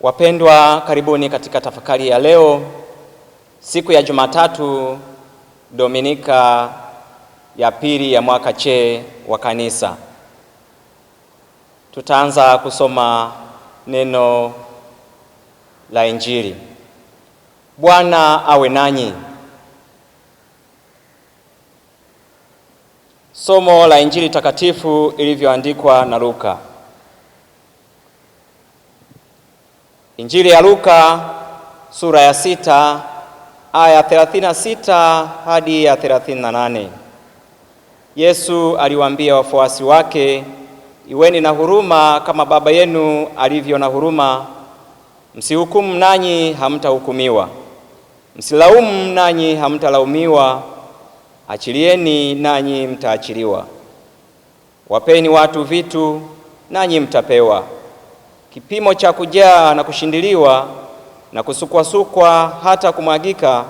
Wapendwa, karibuni katika tafakari ya leo, siku ya Jumatatu, Dominika ya pili ya mwaka C wa Kanisa. Tutaanza kusoma neno la Injili. Bwana awe nanyi. Somo la Injili takatifu ilivyoandikwa na Luka. Injili ya Luka sura ya sita aya 36 hadi ya 38. Yesu aliwaambia wafuasi wake, iweni na huruma kama Baba yenu alivyo na huruma. Msihukumu nanyi hamtahukumiwa, msilaumu nanyi hamtalaumiwa, achilieni nanyi mtaachiliwa, wapeni watu vitu nanyi mtapewa Kipimo cha kujaa na kushindiliwa na kusukwasukwa hata kumwagika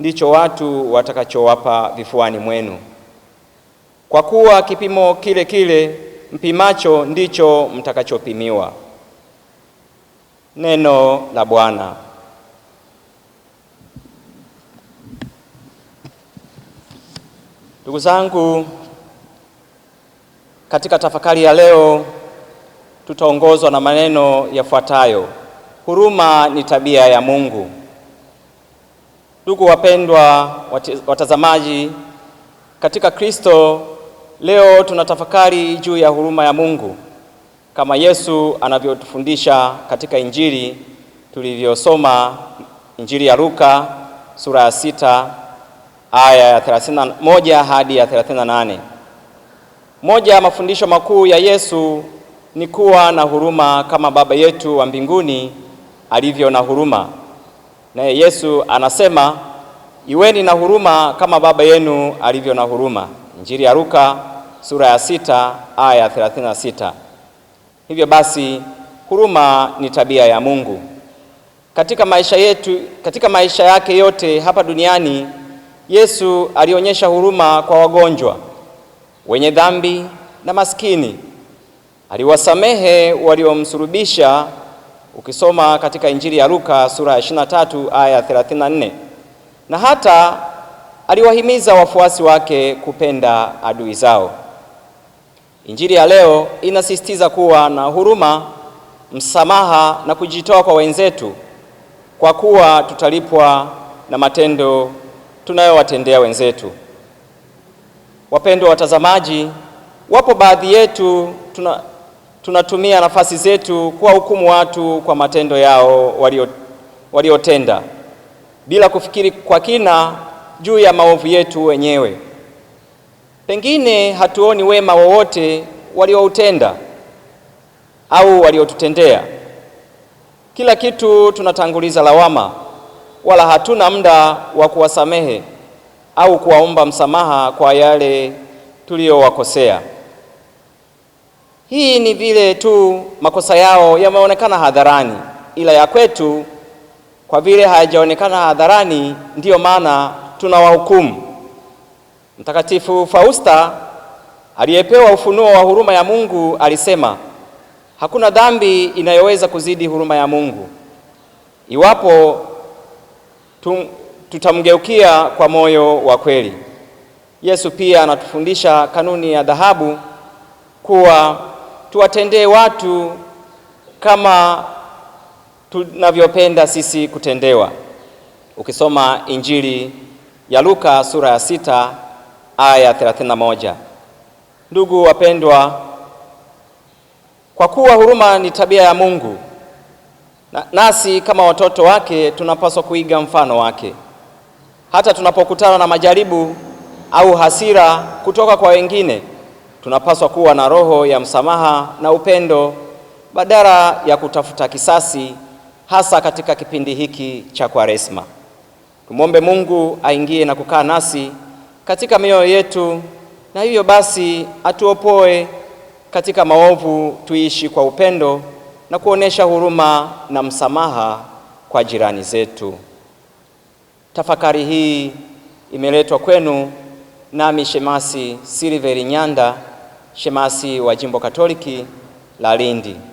ndicho watu watakachowapa vifuani mwenu, kwa kuwa kipimo kile kile mpimacho ndicho mtakachopimiwa. Neno la Bwana. Ndugu zangu, katika tafakari ya leo tutaongozwa na maneno yafuatayo: huruma ni tabia ya Mungu. Ndugu wapendwa watazamaji katika Kristo, leo tunatafakari juu ya huruma ya Mungu kama Yesu anavyotufundisha katika Injili tulivyosoma, Injili ya Luka sura ya sita aya ya 31 hadi ya 38. Moja ya mafundisho makuu ya Yesu ni kuwa na huruma kama Baba yetu wa mbinguni alivyo na huruma. Naye Yesu anasema iweni na huruma kama Baba yenu alivyo na huruma, Injili ya Luka sura ya sita aya ya sita. Hivyo basi huruma ni tabia ya Mungu katika maisha yetu. Katika maisha yake yote hapa duniani, Yesu alionyesha huruma kwa wagonjwa, wenye dhambi na maskini aliwasamehe waliomsulubisha, ukisoma katika Injili ya Luka sura ya 23 aya 34, na hata aliwahimiza wafuasi wake kupenda adui zao. Injili ya leo inasisitiza kuwa na huruma, msamaha na kujitoa kwa wenzetu, kwa kuwa tutalipwa na matendo tunayowatendea wenzetu. Wapendwa watazamaji, wapo baadhi yetu tuna tunatumia nafasi zetu kuwahukumu watu kwa matendo yao waliotenda walio bila kufikiri kwa kina juu ya maovu yetu wenyewe. Pengine hatuoni wema wowote walioutenda au waliotutendea. Kila kitu tunatanguliza lawama, wala hatuna muda wa kuwasamehe au kuwaomba msamaha kwa yale tuliyowakosea. Hii ni vile tu makosa yao yameonekana hadharani, ila ya kwetu kwa vile hayajaonekana hadharani, ndiyo maana tunawahukumu. Mtakatifu Fausta aliyepewa ufunuo wa huruma ya Mungu alisema, hakuna dhambi inayoweza kuzidi huruma ya Mungu iwapo tutamgeukia kwa moyo wa kweli. Yesu pia anatufundisha kanuni ya dhahabu kuwa tuwatendee watu kama tunavyopenda sisi kutendewa. Ukisoma Injili ya Luka sura ya sita aya 31. Ndugu wapendwa, kwa kuwa huruma ni tabia ya Mungu na, nasi kama watoto wake tunapaswa kuiga mfano wake hata tunapokutana na majaribu au hasira kutoka kwa wengine tunapaswa kuwa na roho ya msamaha na upendo badala ya kutafuta kisasi, hasa katika kipindi hiki cha Kwaresma. Tumwombe Mungu aingie na kukaa nasi katika mioyo yetu, na hivyo basi atuopoe katika maovu, tuishi kwa upendo na kuonesha huruma na msamaha kwa jirani zetu. Tafakari hii imeletwa kwenu nami Shemasi Siliveri Nyanda shemasi wa jimbo Katoliki la Lindi.